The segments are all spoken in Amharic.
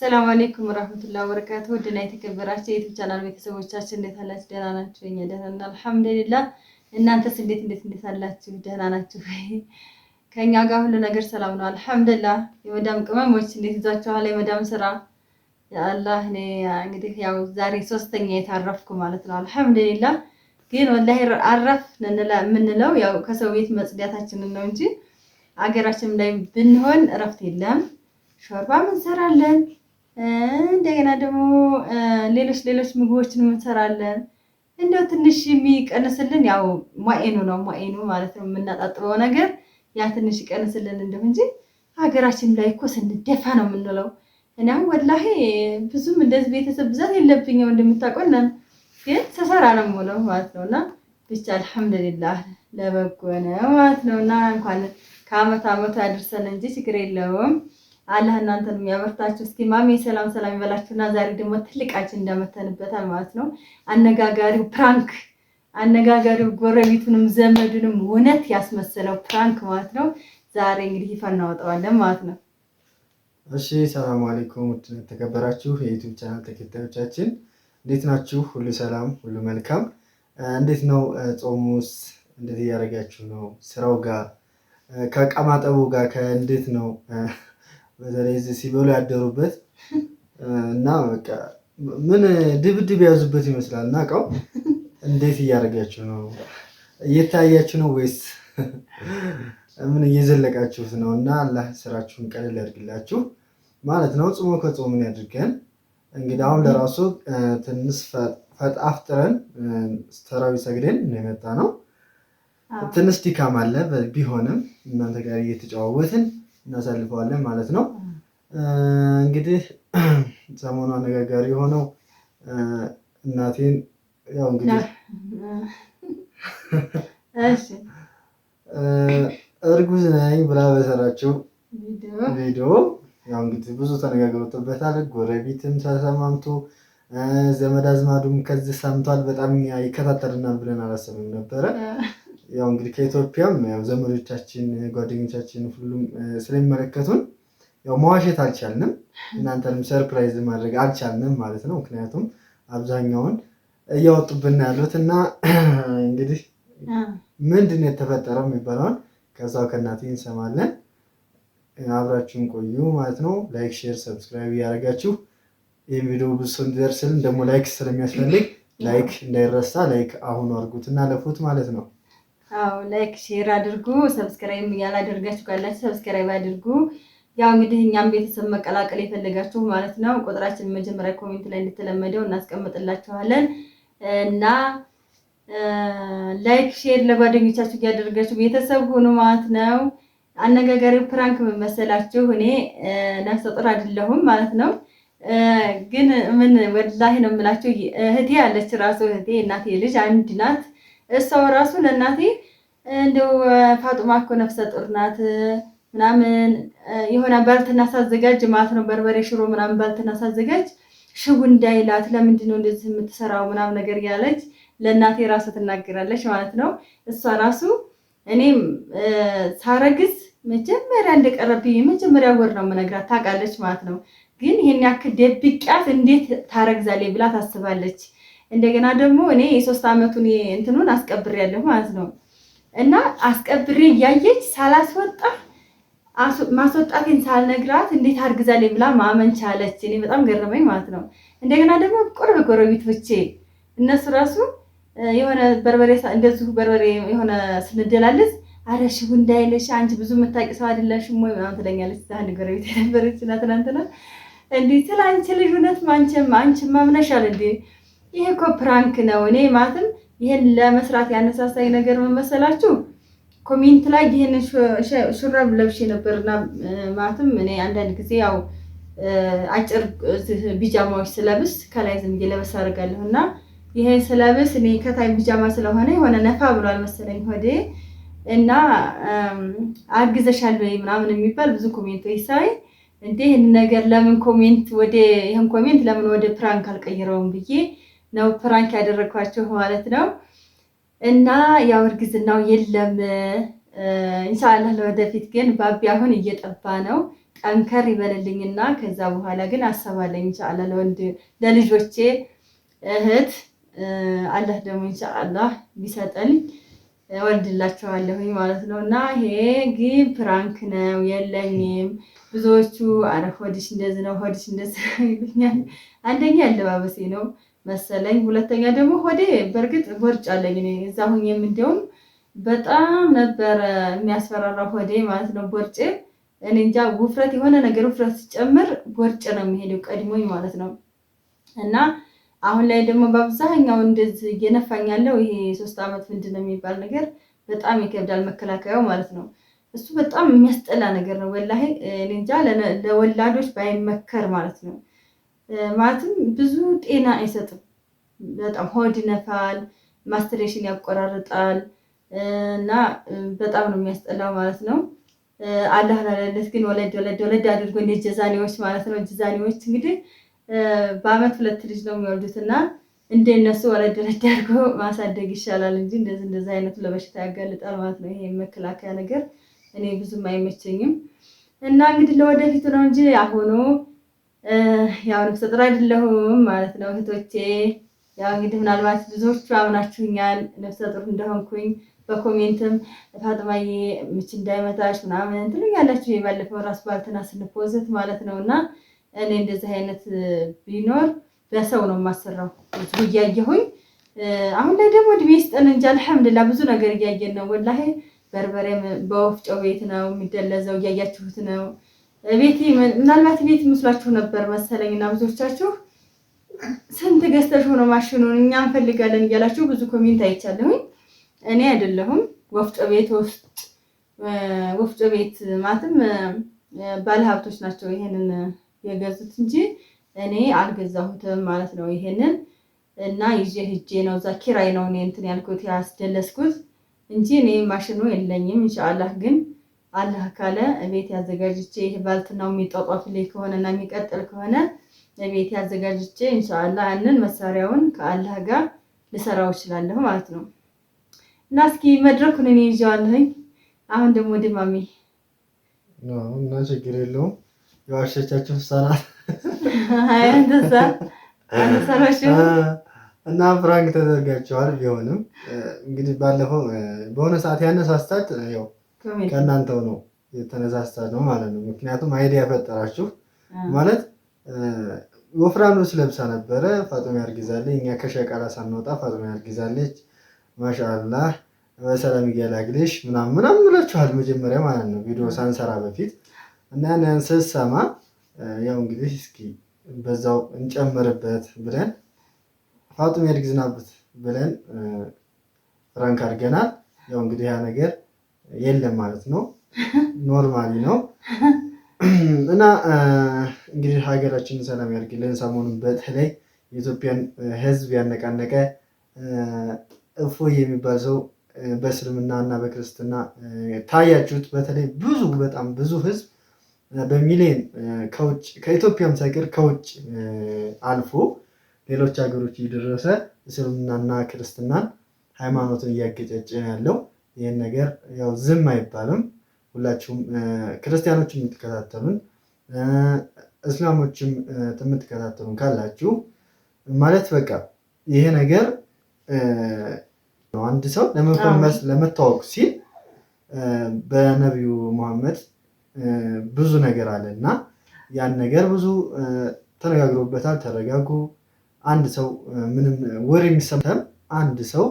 ሰላም አለይኩም ወራህመቱላሂ ወበረካቱ። ውድና የተከበራችሁ የዩቲዩብ ቻናል ቤተሰቦቻችን እንዴት አላችሁ? ደህና ናችሁ? እኛ ደህና ነን አልሐምዱሊላህ። እናንተስ እንዴት እንዴት እንዴት አላችሁ? ደህና ናችሁ? ከኛ ጋር ሁሉ ነገር ሰላም ነው አልሐምዱሊላህ። የመዳም ቅመሞች እንዴት ይዟችኋል? የመዳም ስራ አላህ እኔ እንግዲህ ያው ዛሬ ሶስተኛ የታረፍኩ ማለት ነው አልሐምዱሊላህ። ግን ወላሂ አረፍ የምንለው ያው ከሰው ቤት መጽዳታችንን ነው እንጂ አገራችን ላይ ብንሆን እረፍት የለም። ሾርባም እንሰራለን። እንደገና ደግሞ ሌሎች ሌሎች ምግቦችን እንሰራለን። እንደው ትንሽ የሚቀንስልን ያው ሟኤኑ ነው ሟኤኑ ማለት ነው የምናጣጥበው ነገር ያ ትንሽ ይቀንስልን እንደው እንጂ ሀገራችን ላይ እኮ ስንደፋ ነው የምንለው። እኔ አሁን ወላሂ ብዙም እንደዚህ ቤተሰብ ብዛት የለብኝም እንደምታውቀው ግን ተሰራ ነው የምውለው ማለት ነው እና ብቻ አልሐምዱሊላህ ለበጎ ነው ማለት ነው እና እንኳን ከአመት አመቱ ያደርሰን እንጂ ችግር የለውም። አላህ እናንተን የሚያበርታችሁ። እስኪ ማሜ ሰላም ሰላም ይበላችሁና ዛሬ ደግሞ ትልቅ አጀንዳ መተንበታል ማለት ነው። አነጋጋሪው ፕራንክ አነጋጋሪው ጎረቤቱንም ዘመዱንም እውነት ያስመሰለው ፕራንክ ማለት ነው። ዛሬ እንግዲህ ይፋ እናወጣዋለን ማለት ነው። እሺ ሰላም አለይኩም የተከበራችሁ የዩትብ ቻናል ተከታዮቻችን እንዴት ናችሁ? ሁሉ ሰላም፣ ሁሉ መልካም። እንዴት ነው ጾሙ ውስጥ እንደዚህ እያደረጋችሁ ነው? ስራው ጋር ከቀማጠቡ ጋር ከእንዴት ነው በተለይ ሲበሉ ያደሩበት እና በቃ ምን ድብድብ የያዙበት ይመስላል እና እንዴት እያደረጋችሁ ነው? እየታያችሁ ነው ወይስ ምን እየዘለቃችሁት ነው? እና አላህ ስራችሁን ቀለል ያድርግላችሁ ማለት ነው። ጽሞ ከጾምን ያድርገን። እንግዲህ አሁን ለራሱ ትንሽ ፈጣፍጥረን ተራዊ ሰግደን የመጣ ነው። ትንሽ ድካም አለ ቢሆንም እናንተ ጋር እየተጨዋወትን እናሳልፈዋለን ማለት ነው። እንግዲህ ሰሞኑ አነጋጋሪ የሆነው እናቴን ያው እንግዲህ እርጉዝ ነኝ ብላ በሰራችው ቪዲዮ ያው እንግዲህ ብዙ ተነጋግሮበታል። ጎረቤትም ተሰማምቶ ዘመድ አዝማዱም ከዚህ ሰምቷል። በጣም ይከታተልናል ብለን አላሰብም ነበረ። ያው እንግዲህ ከኢትዮጵያም ያው ዘመዶቻችን ጓደኞቻችን ሁሉም ስለሚመለከቱን ያው መዋሸት አልቻልንም። እናንተንም ሰርፕራይዝ ማድረግ አልቻልንም ማለት ነው። ምክንያቱም አብዛኛውን እያወጡብን ያሉት እና እንግዲህ ምንድን ነው የተፈጠረው የሚባለውን ከዛው ከእናቴ እንሰማለን። አብራችሁን ቆዩ ማለት ነው። ላይክ፣ ሼር፣ ሰብስክራይብ እያደረጋችሁ ይህም ቪዲዮ ብዙ እንዲደርስልን ደግሞ ላይክ ስለሚያስፈልግ ላይክ እንዳይረሳ ላይክ አሁኑ አድርጉት እና ለፉት ማለት ነው። አዎ ላይክ ሼር አድርጉ፣ ሰብስክራይብ ያላደርጋችሁ ካላችሁ ሰብስክራይብ አድርጉ። ያው እንግዲህ እኛም ቤተሰብ መቀላቀል የፈለጋችሁ ማለት ነው ቁጥራችን መጀመሪያ ኮሜንት ላይ እንደተለመደው እናስቀምጥላችኋለን እና ላይክ ሼር ለጓደኞቻችሁ እያደረጋችሁ ቤተሰብ ሁኑ ማለት ነው። አነጋጋሪ ፕራንክ ምን መሰላችሁ? እኔ ነፍሰ ጡር አይደለሁም ማለት ነው። ግን ምን ወላሂ ነው የምላችሁ እህቴ አለች ራሱ እህቴ እናቴ ልጅ አንድ ናት እሷ ራሱ ለእናቴ እንደው ፋጡማ እኮ ነፍሰ ጡር ናት ምናምን የሆነ ባልትና ሳዘጋጅ ማለት ነው በርበሬ ሽሮ ምናምን ባልትና ሳዘጋጅ ሽጉ እንዳይላት ለምንድን ነው እንደዚህ የምትሰራው ምናምን ነገር ያለች ለእናቴ ራሱ ትናገራለች ማለት ነው። እሷ ራሱ እኔም ሳረግዝ መጀመሪያ እንደቀረብኝ የመጀመሪያ ወር ነው የምነግራት ታውቃለች ማለት ነው። ግን ይሄን ያክል ደብቂያት እንዴት ታረግዛለች ብላ ታስባለች። እንደገና ደግሞ እኔ የሶስት ዓመቱን እንትኑን ያለሁ ማለት ነው። እና አስቀብሬ እያየች ሳላስወጣ ማስወጣቴን ሳልነግራት እንዴት አርግዛለች ብላ ማመን ቻለች። እኔ በጣም ገረመኝ ማለት ነው። እንደገና ደግሞ ቁርብ ጎረቤቶቼ እነሱ ራሱ የሆነ በርበሬ እንደዚሁ በርበሬ የሆነ ስንደላለስ አረ ሽቡ እንዳይለሽ አንቺ ብዙ የምታውቂ ሰው አይደለሽም ወይ ምናምን ትለኛለች። አንድ ጎረቤት የነበረች እና ትናንትና እንዲህ ስለ አንቺ ልጅ እውነት አንቺ ማምነሻል እንዴ ይሄ እኮ ፕራንክ ነው። እኔ ማለትም ይህን ለመስራት ያነሳሳኝ ነገር መመሰላችሁ ኮሜንት ላይ ይህን ሹራብ ለብሼ ነበርና ማለትም እኔ አንዳንድ ጊዜ ያው አጭር ቢጃማዎች ስለብስ ከላይ ዝም ለበስ አደርጋለሁ እና ይሄን ስለብስ እኔ ከታይ ቢጃማ ስለሆነ የሆነ ነፋ ብሏል መሰለኝ ሆዴ እና ወይ ምናምን የሚባል ብዙ ኮሜንቶች ሳይ እንዴ ይህን ነገር ለምን ኮሜንት ወደ ይህን ኮሜንት ለምን ወደ ፕራንክ አልቀይረውም ብዬ ነው ፕራንክ ያደረግኳቸው ማለት ነው። እና ያው እርግዝናው የለም ኢንሻአላህ። ለወደፊት ግን ባቢ አሁን እየጠባ ነው። ጠንከር ይበልልኝና ከዛ በኋላ ግን አሰባለኝ ኢንሻአላህ ለወንድ ለልጆቼ እህት አላህ ደግሞ ኢንሻአላህ ቢሰጠን ወልድላቸዋለሁኝ ማለት ነው። እና ይሄ ግን ፕራንክ ነው የለኝም። ብዙዎቹ አረ ሆድሽ እንደዚህ ነው ሆድሽ እንደዚህ ይሉኛል። አንደኛ አለባበሴ ነው መሰለኝ። ሁለተኛ ደግሞ ሆዴ በእርግጥ ቦርጭ አለኝ እኔ እዛ ሁኜም እንዲያውም በጣም ነበረ የሚያስፈራራው ሆዴ ማለት ነው። ቦርጬ እኔ እንጃ ውፍረት የሆነ ነገር ውፍረት ሲጨምር ቦርጭ ነው የሚሄደው ቀድሞኝ ማለት ነው። እና አሁን ላይ ደግሞ በአብዛኛው እንደዚህ እየነፋኝ ያለው ይሄ ሶስት ዓመት ምንድን ነው የሚባል ነገር በጣም ይከብዳል መከላከያው ማለት ነው። እሱ በጣም የሚያስጠላ ነገር ነው ወላሂ እኔ እንጃ ለወላዶች ባይመከር ማለት ነው። ማለትም ብዙ ጤና አይሰጥም። በጣም ሆድ ይነፋል፣ ማስትሬሽን ያቆራርጣል እና በጣም ነው የሚያስጠላው ማለት ነው። አላህ ላለለት ግን ወለድ ወለድ ወለድ አድርጎ ጀዛኔዎች ማለት ነው። ጀዛኔዎች እንግዲህ በአመት ሁለት ልጅ ነው የሚወልዱት እና እንደነሱ ወለድ ወለድ አድርጎ ማሳደግ ይሻላል እንጂ እንደዚህ እንደዚህ አይነቱ ለበሽታ ያጋልጣል ማለት ነው። ይሄ መከላከያ ነገር እኔ ብዙም አይመቸኝም እና እንግዲህ ለወደፊቱ ነው እንጂ አሁኑ ያው ነፍሰ ጡር አይደለሁም ማለት ነው እህቶቼ። ያው እንግዲህ ምናልባት ብዙዎቹ አምናችሁኛል ነፍሰ ጡር እንደሆንኩኝ በኮሜንትም ፋጥማዬ ምች እንዳይመታሽ ምናምን ትሉኛላችሁ። የባለፈው ራስ ባልትና ስንፖዘት ማለት ነው እና እኔ እንደዚህ አይነት ቢኖር በሰው ነው የማሰራው ብዙ እያየሁኝ አሁን ላይ ደግሞ እድሜ ይስጠን እንጂ አልሐምድላ ብዙ ነገር እያየን ነው። ወላሂ በርበሬ በወፍጮ ቤት ነው የሚደለዘው እያያችሁት ነው። ቤቲ ምናልባት ቤት መስሏችሁ ነበር መሰለኝ እና ብዙዎቻችሁ ስንት ገዝተሽ ሆኖ ማሽኑን እኛ እንፈልጋለን እያላችሁ ብዙ ኮሜንት አይቻለሁኝ። እኔ አይደለሁም ወፍጮ ቤት ውስጥ ወፍጮ ቤት ማለትም ባለሀብቶች ናቸው ይሄንን የገዙት እንጂ እኔ አልገዛሁትም ማለት ነው። ይሄንን እና ይዤ ህጄ ነው እዛ ኪራይ ነው እኔ እንትን ያልኩት ያስደለስኩት እንጂ እኔ ማሽኑ የለኝም። እንሻላህ ግን አላህ ካለ ቤት ያዘጋጅቼ ይሄ ባልትናው የሚጧጧፍልኝ እና የሚቀጥል ከሆነ ቤት ያዘጋጅቼ ኢንሻአላህ ያንን መሳሪያውን ከአላህ ጋር ልሰራው እችላለሁ ማለት ነው። እና እስኪ መድረኩን እኔ ይዤዋለሁኝ። አሁን ደግሞ ድማሚ እና ችግር የለውም የዋሸቻችሁ ሰናት እና ፍራንክ ተዘጋጅተዋል። ቢሆንም እንግዲህ ባለፈው በሆነ ሰዓት ያነሳስታት ያው ከእናንተው ነው የተነሳሳ ነው ማለት ነው። ምክንያቱም አይዲያ ፈጠራችሁ ማለት ወፍራም ልብስ ለብሳ ነበረ፣ ፋጡሜ አርግዛለች። እኛ ከሸቀላ ሳንወጣ ፋጡሜ አርግዛለች፣ ማሻላ በሰላም ይገላግልሽ ምናምን ምናምን ብላችኋል፣ መጀመሪያ ማለት ነው ቪዲዮ ሳንሰራ በፊት እና ያን ስሰማ ያው እንግዲህ እስኪ በዛው እንጨምርበት ብለን ፋጡሜ አርግዝናበት ብለን ፍራንክ አድርገናል። ያው እንግዲህ ያ ነገር የለም ማለት ነው። ኖርማሊ ነው እና እንግዲህ ሀገራችንን ሰላም ያድርግልን። ሰሞኑን በተለይ የኢትዮጵያን ሕዝብ ያነቃነቀ እፎይ የሚባል ሰው በእስልምና እና በክርስትና ታያችሁት። በተለይ ብዙ በጣም ብዙ ሕዝብ በሚሊዮን ከውጭ ከኢትዮጵያም ሳይቀር ከውጭ አልፎ ሌሎች ሀገሮች እየደረሰ እስልምናና ክርስትናን ሃይማኖትን እያገጫጨ ያለው ይህን ነገር ያው ዝም አይባልም። ሁላችሁም ክርስቲያኖችም የምትከታተሉን እስላሞችም የምትከታተሉን ካላችሁ ማለት በቃ ይሄ ነገር አንድ ሰው ለመፈመስ ለመታወቅ ሲል በነቢዩ መሐመድ ብዙ ነገር አለ እና ያን ነገር ብዙ ተነጋግሮበታል። ተረጋጉ። አንድ ሰው ምንም ወሬ የሚሰማም አንድ ሰው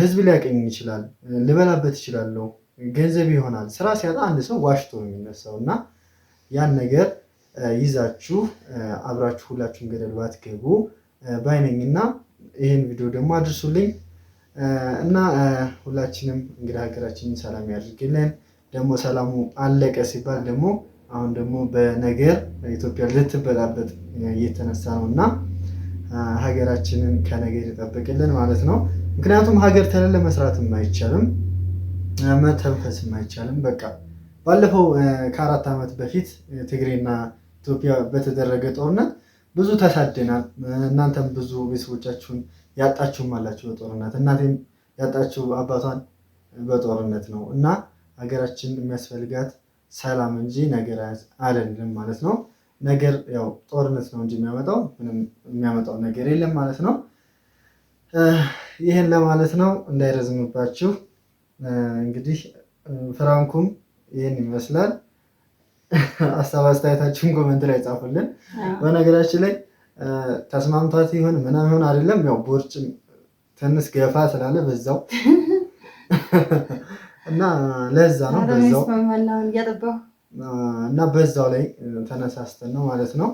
ህዝብ ሊያቀኝ ይችላል፣ ልበላበት ይችላለሁ፣ ገንዘብ ይሆናል። ስራ ሲያጣ አንድ ሰው ዋሽቶ ነው የሚነሳው እና ያን ነገር ይዛችሁ አብራችሁ ሁላችሁን ገደል ባትገቡ ባይነኝ እና ይህን ቪዲዮ ደግሞ አድርሱልኝ እና ሁላችንም እንግዲህ ሀገራችንን ሰላም ያድርግልን። ደግሞ ሰላሙ አለቀ ሲባል ደግሞ አሁን ደግሞ በነገር ኢትዮጵያ ልትበጣበጥ እየተነሳ ነው እና ሀገራችንን ከነገ የተጠበቅልን ማለት ነው። ምክንያቱም ሀገር ተለለ መስራትም አይቻልም፣ መተንፈስም አይቻልም። በቃ ባለፈው ከአራት ዓመት በፊት ትግሬና ኢትዮጵያ በተደረገ ጦርነት ብዙ ተሳድናል። እናንተም ብዙ ቤተሰቦቻችሁን ያጣችሁም አላችሁ በጦርነት እናቴም ያጣችሁ አባቷን በጦርነት ነው እና ሀገራችን የሚያስፈልጋት ሰላም እንጂ ነገር አይደለም ማለት ነው። ነገር ያው ጦርነት ነው እንጂ የሚያመጣው ምንም የሚያመጣው ነገር የለም ማለት ነው። ይህን ለማለት ነው እንዳይረዝምባችሁ። እንግዲህ ፍራንኩም ይህን ይመስላል። ሀሳብ አስተያየታችሁን ኮመንት ላይ ጻፉልን። በነገራችን ላይ ተስማምቷት ይሆን ምናምን ይሆን አይደለም። ያው ቦርጭ ትንሽ ገፋ ስላለ በዛው እና ለዛ ነው በዛው እና በዛው ላይ ተነሳስተን ነው ማለት ነው።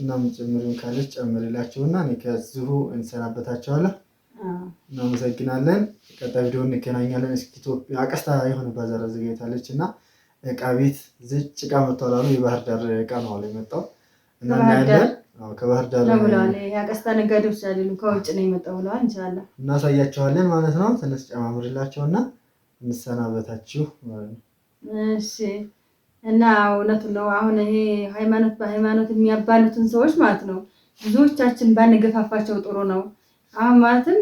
እናም ጨምሪውን ካለች ጨምርላችሁና እኔ ከዚሁ እንሰናበታቸዋለን። እናመሰግናለን። ቀጣይ ቪዲዮ እንገናኛለን። እስኪ ኢትዮጵያ አቀስታ የሆነ ባዛር አዘጋጅታለች እና እቃ ቤት ዝጭ ጭቃ መጥተዋላሉ። የባህር ዳር እቃ ነው አሁን የመጣው እና እናያለን። ከባህር ዳር የአቀስታ ነጋዴዎች አይደሉም ከውጭ ነው የመጣው ብለዋል። እንችላለን እናሳያቸዋለን ማለት ነው። ትንሽ ጨማምርላቸውና እንሰናበታችሁ ማለት ነው። እሺ። እና እውነቱ ነው። አሁን ይሄ ሃይማኖት በሃይማኖት የሚያባሉትን ሰዎች ማለት ነው ብዙዎቻችን ባንገፋፋቸው ጥሩ ነው። አሁን ማለትም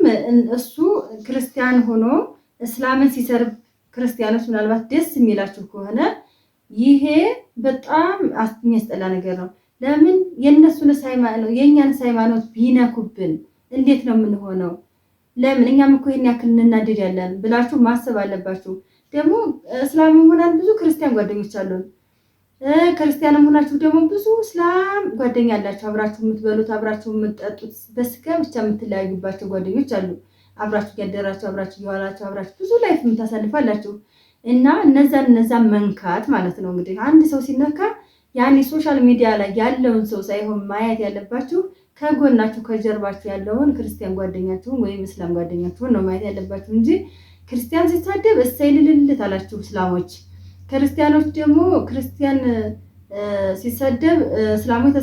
እሱ ክርስቲያን ሆኖ እስላምን ሲሰርብ ክርስቲያኖች ምናልባት ደስ የሚላችሁ ከሆነ ይሄ በጣም የሚያስጠላ ነገር ነው። ለምን የእነሱንስ ሃይማኖት የእኛንስ ሃይማኖት ቢነኩብን እንዴት ነው የምንሆነው? ለምን እኛም እኮ ይህን ያክል እንናደድ ያለን ብላችሁ ማሰብ አለባችሁ። ደግሞ እስላም ሆናል ብዙ ክርስቲያን ጓደኞች አሉን። ክርስቲያንም ሆናችሁ ደግሞ ብዙ እስላም ጓደኛ አላችሁ። አብራችሁ የምትበሉት አብራችሁ የምትጠጡት በስጋ ብቻ የምትለያዩባቸው ጓደኞች አሉ። አብራችሁ እያደራችሁ አብራችሁ እየዋላችሁ አብራችሁ ብዙ ላይፍ የምታሳልፉ እና እነዛን እነዛን መንካት ማለት ነው እንግዲህ አንድ ሰው ሲነካ ያኔ ሶሻል ሚዲያ ላይ ያለውን ሰው ሳይሆን ማየት ያለባችሁ ከጎናችሁ ከጀርባችሁ ያለውን ክርስቲያን ጓደኛችሁን ወይም እስላም ጓደኛችሁን ነው ማየት ያለባችሁ እንጂ ክርስቲያን ሲሳደብ እሰይ ልልልት አላችሁ እስላሞች። ክርስቲያኖች ደግሞ ክርስቲያን ሲሰደብ እስላሞች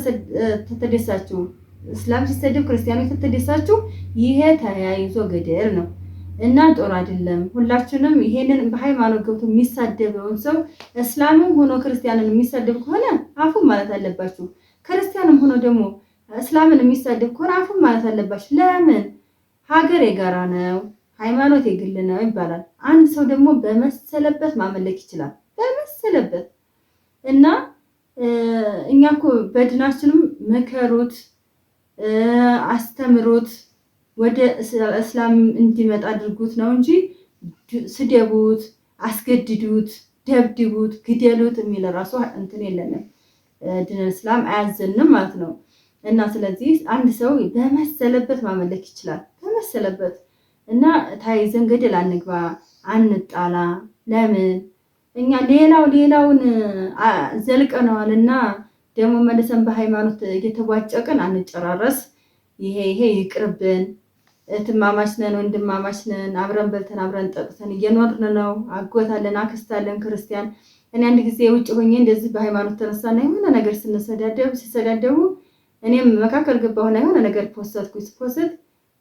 ተተደሳችሁ፣ እስላም ሲሰደብ ክርስቲያኖች ተተደሳችሁ። ይሄ ተያይዞ ገደል ነው እና ጦር አይደለም። ሁላችንም ይሄንን በሃይማኖት ገብቶ የሚሳደበውን ሰው እስላምም ሆኖ ክርስቲያንን የሚሳደብ ከሆነ አፉን ማለት አለባችሁ። ክርስቲያንም ሆኖ ደግሞ እስላምን የሚሳደብ ከሆነ አፉን ማለት አለባችሁ። ለምን ሀገር የጋራ ነው። ሃይማኖት የግል ነው ይባላል። አንድ ሰው ደግሞ በመሰለበት ማመለክ ይችላል። በመሰለበት እና እኛ እኮ በድናችንም ምከሩት፣ አስተምሩት፣ ወደ እስላም እንዲመጣ አድርጉት ነው እንጂ ስደቡት፣ አስገድዱት፣ ደብድቡት፣ ግደሉት የሚል ራሱ እንትን የለንም። ድን እስላም አያዘንም ማለት ነው። እና ስለዚህ አንድ ሰው በመሰለበት ማመለክ ይችላል። በመሰለበት እና ታይዘን ገደል አንግባ፣ አንጣላ። ለምን እኛ ሌላው ሌላውን ዘልቀነዋል እና ደግሞ መልሰን በሃይማኖት እየተቧጨቅን አንጨራረስ። ይሄ ይሄ ይቅርብን። ትማማች ነን፣ ወንድማማች ነን። አብረን በልተን አብረን ጠጥተን እየኖርን ነው። አጎታለን፣ አክስታለን፣ ክርስቲያን። እኔ አንድ ጊዜ ውጭ ሆኜ እንደዚህ በሃይማኖት ተነሳና የሆነ ነገር ስንሰዳደቡ ሲሰዳደቡ እኔም መካከል ገባሁና የሆነ ነገር ፖስትኩ ፖስት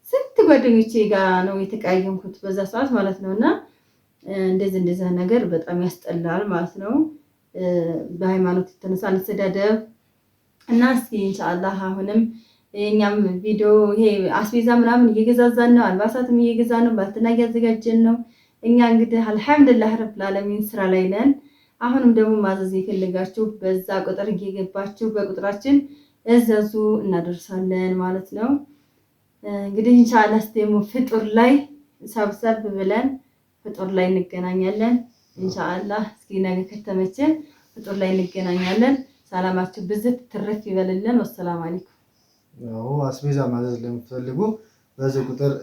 ስንት ጓደኞቼ ጋር ነው የተቀያየምኩት በዛ ሰዓት ማለት ነው። እና እንደዚህ እንደዚህ ነገር በጣም ያስጠላል ማለት ነው። በሃይማኖት የተነሳ አንሰዳደብ እና እስኪ ኢንሻአላህ አሁንም የኛም ቪዲዮ ይሄ አስቤዛ ምናምን እየገዛዛን ነው፣ አልባሳትም እየገዛን ነው፣ ባልትና እያዘጋጀን ነው። እኛ እንግዲህ አልሐምዱሊላህ ረብል ዓለሚን ስራ ላይ ነን። አሁንም ደግሞ ማዘዝ የፈለጋችሁ በዛ ቁጥር እየገባችሁ በቁጥራችን እዘዙ እናደርሳለን ማለት ነው። እንግዲህ ኢንሻአላህ ደግሞ ፍጡር ላይ ሰብሰብ ብለን ፍጡር ላይ እንገናኛለን። ኢንሻአላህ እስኪ ነገ ከተመቸን ፍጡር ላይ እንገናኛለን። ሰላማችሁ ብዝት ትርፍ ይበልልን። ወሰላም አለይኩም። አዎ አስቤዛ ማዘዝ ለምትፈልጉ በዚህ ቁጥር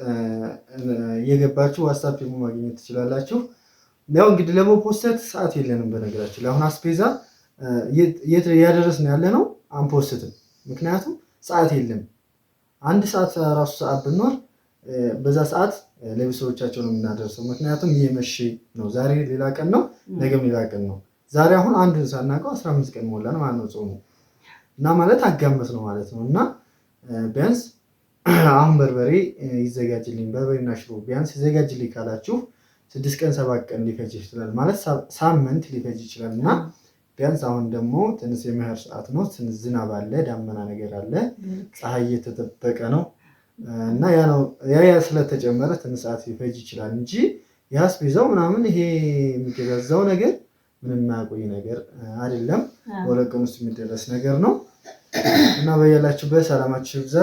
እየገባችሁ ዋትስአፕ ደግሞ ማግኘት ትችላላችሁ። ያው እንግዲህ ለመፖስተት ሰዓት የለንም። በነገራችን ለአሁን አስቤዛ እያደረስን ያለ ነው፣ አንፖስትም። ምክንያቱም ሰዓት የለም። አንድ ሰዓት ራሱ ሰዓት ብንኖር በዛ ሰዓት ለቤተሰቦቻቸው ነው የምናደርሰው። ምክንያቱም እየመሸ ነው። ዛሬ ሌላ ቀን ነው፣ ነገም ሌላ ቀን ነው። ዛሬ አሁን አንዱን ሳናውቀው አስራ አምስት ቀን ሞላን ማለት ነው ጾሙ እና ማለት አጋመስ ነው ማለት ነው እና ቢያንስ አሁን በርበሬ ይዘጋጅልኝ በርበሬና ሽሮ ቢያንስ ይዘጋጅልኝ ካላችሁ ስድስት ቀን ሰባት ቀን ሊፈጅ ይችላል ማለት ሳምንት ሊፈጅ ይችላል እና ቢያንስ አሁን ደግሞ ትንስ የመኸር ሰዓት ነው። ትንሽ ዝናብ አለ፣ ዳመና ነገር አለ፣ ፀሐይ እየተጠበቀ ነው እና ያ ያ ስለተጨመረ ትንሽ ሰዓት ሊፈጅ ይችላል እንጂ የአስቤዛው ምናምን ይሄ የሚገዛዛው ነገር ምንም ማያቆይ ነገር አይደለም። ወለቀም ውስጥ የሚደረስ ነገር ነው እና በያላችሁበት ሰላማችሁ ይብዛ።